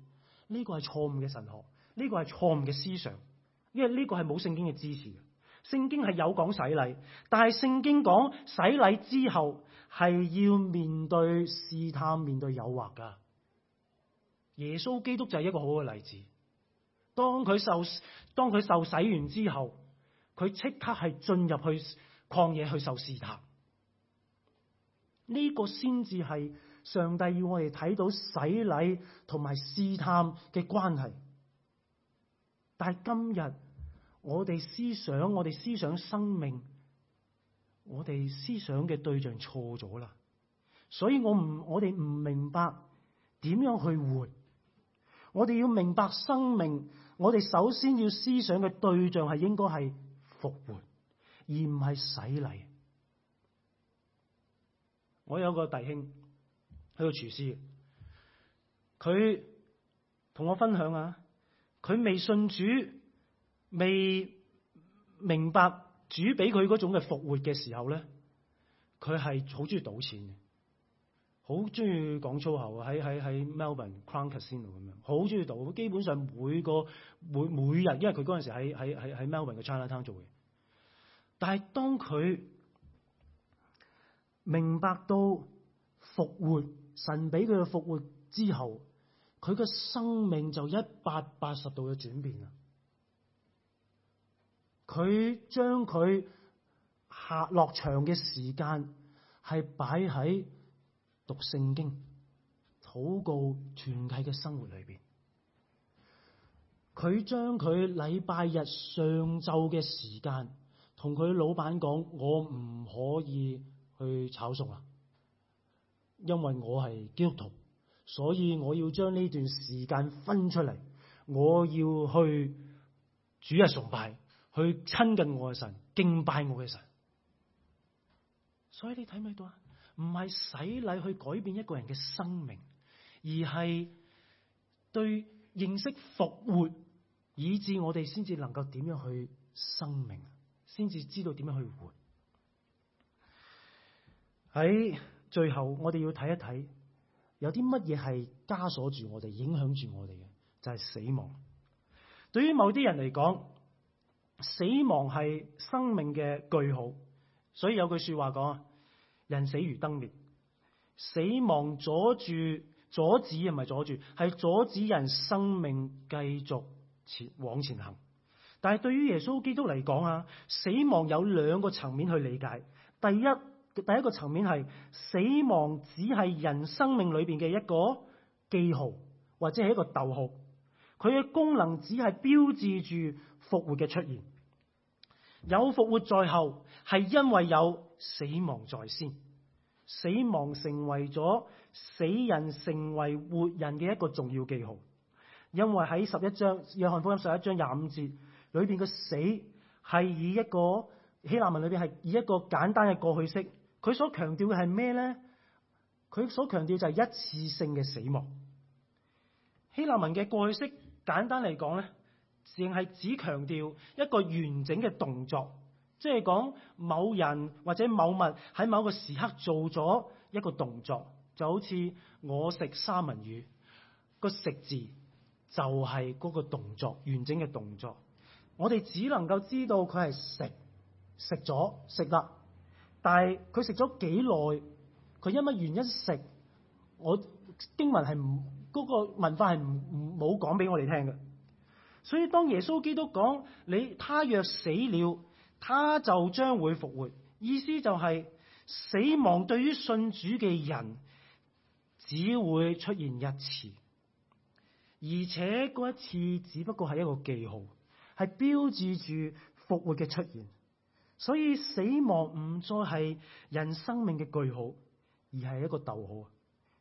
呢個係錯誤嘅神學，呢個係錯誤嘅思想。因為呢個係冇聖經嘅支持嘅，聖經係有講洗禮，但係聖經講洗禮之後係要面對試探、面對誘惑噶。耶穌基督就係一個好嘅例子，當佢受當佢受洗完之後，佢即刻係進入去曠野去受試探，呢個先至係上帝要我哋睇到洗禮同埋試探嘅關係。但係今日我哋思想，我哋思想生命，我哋思想嘅對象錯咗啦，所以我唔，我哋唔明白點樣去活。我哋要明白生命，我哋首先要思想嘅對象係應該係復活，而唔係洗禮。我有個弟兄喺度廚師，佢同我分享啊。佢未信主，未明白主俾佢嗰種嘅復活嘅時候咧，佢係好中意賭錢嘅，好中意講粗口。喺喺喺 Melbourne Crown Casino 咁樣，好中意賭。基本上每個每每日，因為佢嗰陣時喺喺喺喺 Melbourne 嘅 China Town 做嘅。但係當佢明白到復活，神俾佢嘅復活之後。佢個生命就一百八十度嘅轉變啦！佢將佢下落場嘅時間係擺喺讀聖經、禱告、團契嘅生活裏邊。佢將佢禮拜日上晝嘅時間同佢老闆講：我唔可以去炒餸啦，因為我係基督徒。所以我要將呢段時間分出嚟，我要去主日崇拜，去親近我嘅神，敬拜我嘅神。所以你睇唔睇到啊？唔係洗禮去改變一個人嘅生命，而係對認識復活，以致我哋先至能夠點樣去生命，先至知道點樣去活。喺最後，我哋要睇一睇。有啲乜嘢係枷鎖住我哋，影響住我哋嘅，就係死亡。對於某啲人嚟講，死亡係生命嘅句號。所以有句說話講啊：人死如燈滅。死亡阻住，阻止，又唔係阻住，係阻止人生命繼續前往前行。但係對於耶穌基督嚟講啊，死亡有兩個層面去理解。第一。第一個層面係死亡，只係人生命裏邊嘅一個記號，或者係一個逗號。佢嘅功能只係標誌住復活嘅出現。有復活在後，係因為有死亡在先。死亡成為咗死人成為活人嘅一個重要記號。因為喺十一章約翰福音十一章廿五節裏邊嘅死係以一個，希臘文裏邊係以一個簡單嘅過去式。佢所強調嘅係咩呢？佢所強調就係一次性嘅死亡。希臘文嘅過去式簡單嚟講呢，淨係只強調一個完整嘅動作，即係講某人或者某物喺某個時刻做咗一個動作，就好似我食三文魚，個食字就係嗰個動作完整嘅動作。我哋只能夠知道佢係食，食咗，食啦。但係佢食咗幾耐？佢因乜原因食？我經文係唔嗰個文化係唔冇講俾我哋聽嘅。所以當耶穌基督講你，他若死了，他就將會復活。意思就係死亡對於信主嘅人只會出現一次，而且嗰一次只不過係一個記號，係標誌住復活嘅出現。所以死亡唔再係人生命嘅句號，而係一個逗號。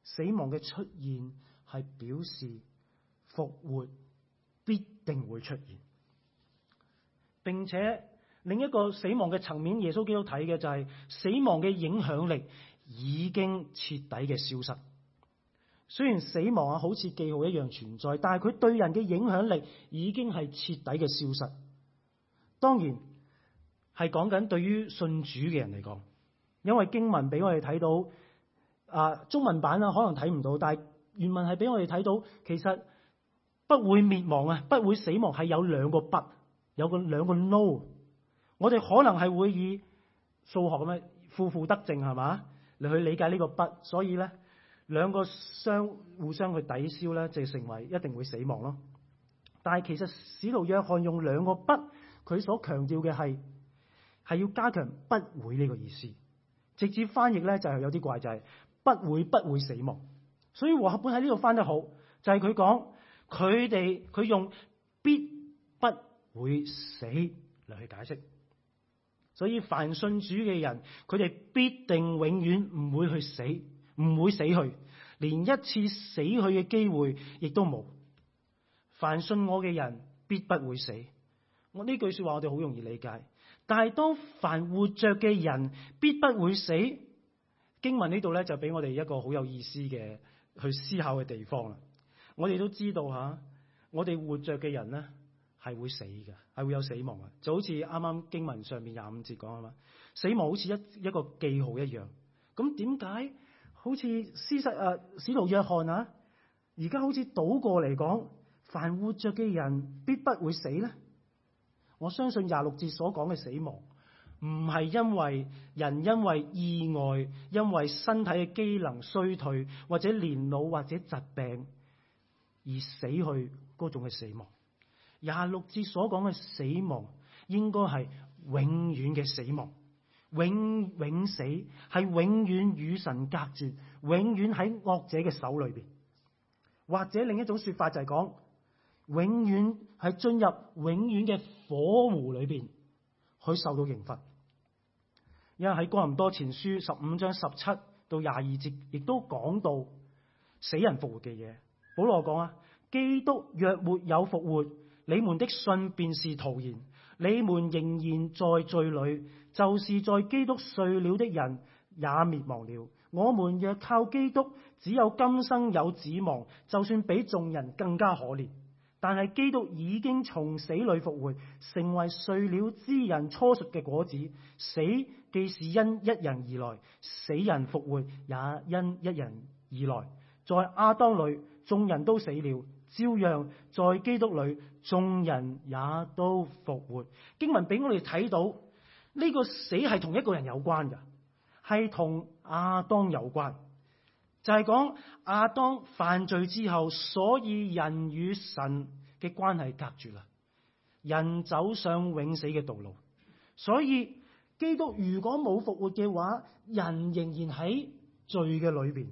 死亡嘅出現係表示復活必定會出現，並且另一個死亡嘅層面，耶穌基督睇嘅就係、是、死亡嘅影響力已經徹底嘅消失。雖然死亡啊好似記號一樣存在，但係佢對人嘅影響力已經係徹底嘅消失。當然。係講緊對於信主嘅人嚟講，因為經文俾我哋睇到啊，中文版啦可能睇唔到，但係原文係俾我哋睇到，其實不會滅亡啊，不會死亡係有兩個不，有個兩個 no。我哋可能係會以數學咁樣負負得正，係嘛？你去理解呢個不，所以咧兩個相互相去抵消咧，就成為一定會死亡咯。但係其實使徒約翰用兩個不，佢所強調嘅係。係要加強不會呢個意思，直接翻譯咧就係有啲怪，就係不會不會死亡。所以和合本喺呢度翻得好，就係佢講佢哋佢用必不會死嚟去解釋。所以凡信主嘅人，佢哋必定永遠唔會去死，唔會死去，連一次死去嘅機會亦都冇。凡信我嘅人必不會死。我呢句說話我哋好容易理解。但係，當凡活着嘅人必不會死，經文呢度咧就俾我哋一個好有意思嘅去思考嘅地方啦。我哋都知道吓、啊，我哋活着嘅人咧係會死嘅，係會有死亡嘅，就好似啱啱經文上面廿五節講啊嘛，死亡好似一一個記號一樣。咁點解好似施實啊，使徒約翰啊，而家好似倒過嚟講，凡活着嘅人必不會死咧？我相信廿六節所講嘅死亡，唔係因為人因為意外，因為身體嘅機能衰退或者年老或者疾病而死去嗰種嘅死亡。廿六節所講嘅死亡，應該係永遠嘅死亡，永永死係永遠與神隔絕，永遠喺惡者嘅手裏邊，或者另一種說法就係講。永遠喺進入永遠嘅火湖裏邊佢受到刑罰，因為喺哥林多前書十五章十七到廿二節亦都講到死人復活嘅嘢。保羅講啊：基督若沒有復活，你們的信便是徒然；你們仍然在罪裏，就是在基督睡了的人也滅亡了。我們若靠基督，只有今生有指望，就算比眾人更加可憐。但係基督已經從死裏復活，成為睡了之人初熟嘅果子。死既是因一人而來，死人復活也因一人而來。在亞當裏眾人都死了，照樣在基督裏眾人也都復活。經文俾我哋睇到呢、這個死係同一個人有關嘅，係同亞當有關。就係講亞當犯罪之後，所以人與神嘅關係隔住啦，人走上永死嘅道路。所以基督如果冇復活嘅話，人仍然喺罪嘅裏邊。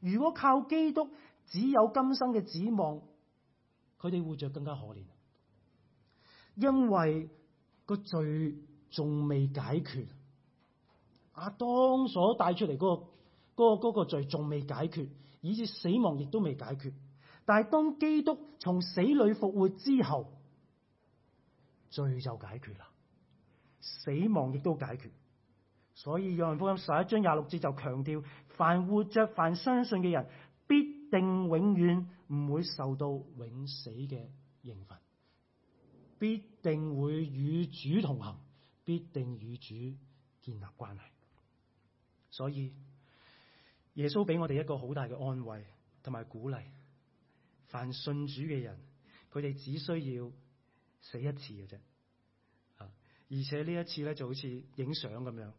如果靠基督只有今生嘅指望，佢哋活着更加可憐，因為個罪仲未解決。亞當所帶出嚟嗰、那個。嗰嗰個罪仲未解決，以致死亡亦都未解決。但係當基督從死裏復活之後，罪就解決啦，死亡亦都解決。所以《約翰福音》十一章廿六節就強調：凡活着、凡相信嘅人，必定永遠唔會受到永死嘅刑罰，必定會與主同行，必定與主建立關係。所以。耶穌俾我哋一個好大嘅安慰同埋鼓勵，凡信主嘅人，佢哋只需要死一次嘅啫，而且呢一次咧就好似影相咁樣，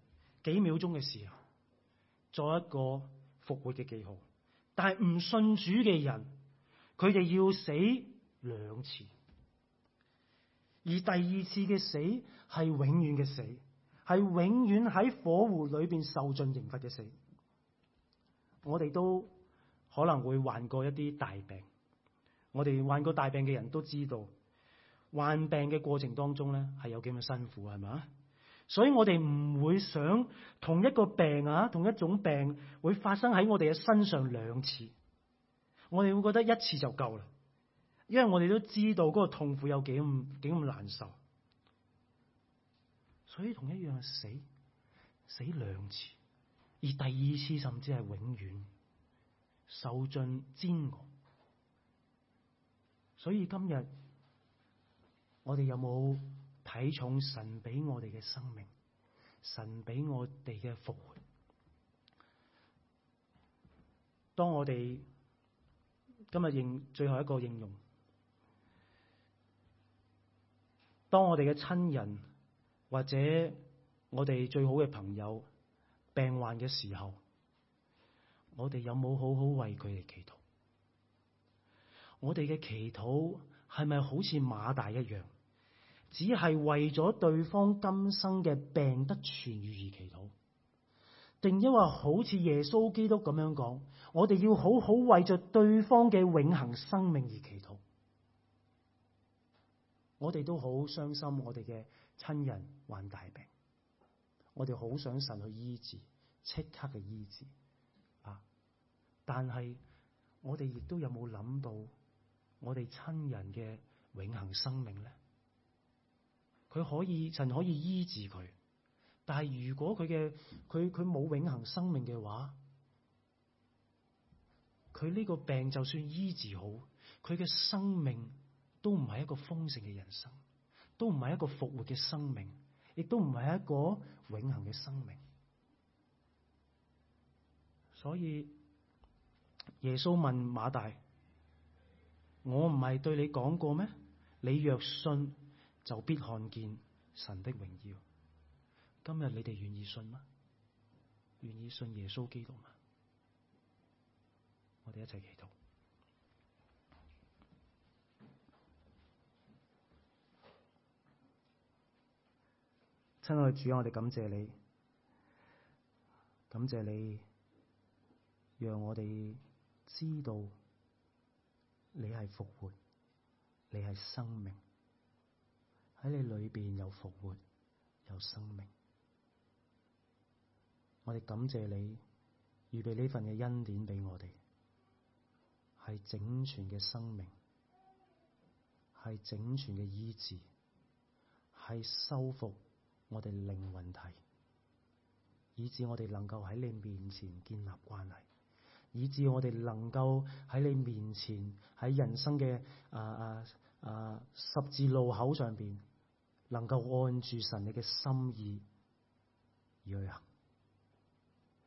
幾秒鐘嘅時候，作一個復活嘅記號。但係唔信主嘅人，佢哋要死兩次，而第二次嘅死係永遠嘅死，係永遠喺火湖裏邊受盡刑罰嘅死。我哋都可能會患過一啲大病，我哋患過大病嘅人都知道，患病嘅過程當中咧係有幾咁辛苦，係咪？所以我哋唔會想同一個病啊，同一種病會發生喺我哋嘅身上兩次，我哋會覺得一次就夠啦，因為我哋都知道嗰個痛苦有幾咁幾咁難受，所以同一樣係死死兩次。而第二次甚至係永遠受盡煎熬，所以今日我哋有冇睇重神俾我哋嘅生命，神俾我哋嘅復活？當我哋今日應最後一個應用，當我哋嘅親人或者我哋最好嘅朋友。病患嘅時候，我哋有冇好好為佢哋祈禱？我哋嘅祈禱係咪好似馬大一樣，只係為咗對方今生嘅病得痊癒而祈禱？定因為好似耶穌基督咁樣講，我哋要好好為着對方嘅永恒生命而祈禱？我哋都好傷心，我哋嘅親人患大病。我哋好想神去醫治，即刻嘅醫治啊！但係我哋亦都有冇諗到我哋親人嘅永恒生命咧？佢可以神可以醫治佢，但係如果佢嘅佢佢冇永恒生命嘅話，佢呢個病就算醫治好，佢嘅生命都唔係一個豐盛嘅人生，都唔係一個復活嘅生命。亦都唔係一個永恒嘅生命，所以耶穌問馬大：我唔係對你講過咩？你若信，就必看見神的榮耀。今日你哋願意信嗎？願意信耶穌基督嗎？我哋一齊祈禱。親愛的主，我哋感謝你，感謝你讓我哋知道你係復活，你係生命。喺你裏邊有復活，有生命。我哋感謝你預備呢份嘅恩典畀我哋，係整全嘅生命，係整全嘅醫治，係修復。我哋靈魂體，以至我哋能夠喺你面前建立關係，以至我哋能夠喺你面前喺人生嘅、啊啊啊十字路口上邊，能夠按住神你嘅心意而去行，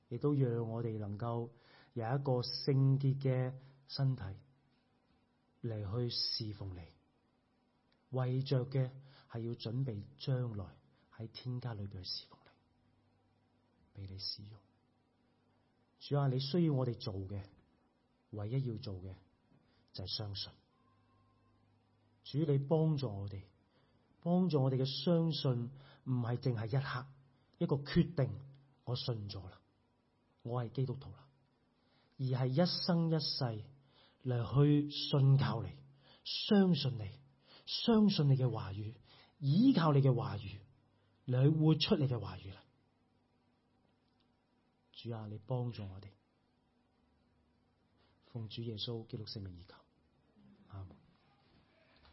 亦都讓我哋能夠有一個聖潔嘅身體嚟去侍奉你，為着嘅係要準備將來。喺天家裏邊去侍奉你，俾你使用。主啊，你需要我哋做嘅，唯一要做嘅就係、是、相信。主，你幫助我哋，幫助我哋嘅相信，唔係淨係一刻一個決定，我信咗啦，我係基督徒啦，而係一生一世嚟去信靠你，相信你，相信你嘅話語，依靠你嘅話語。嚟活出你嘅話語啦！主啊，你幫助我哋，奉主耶穌基督聖名而求。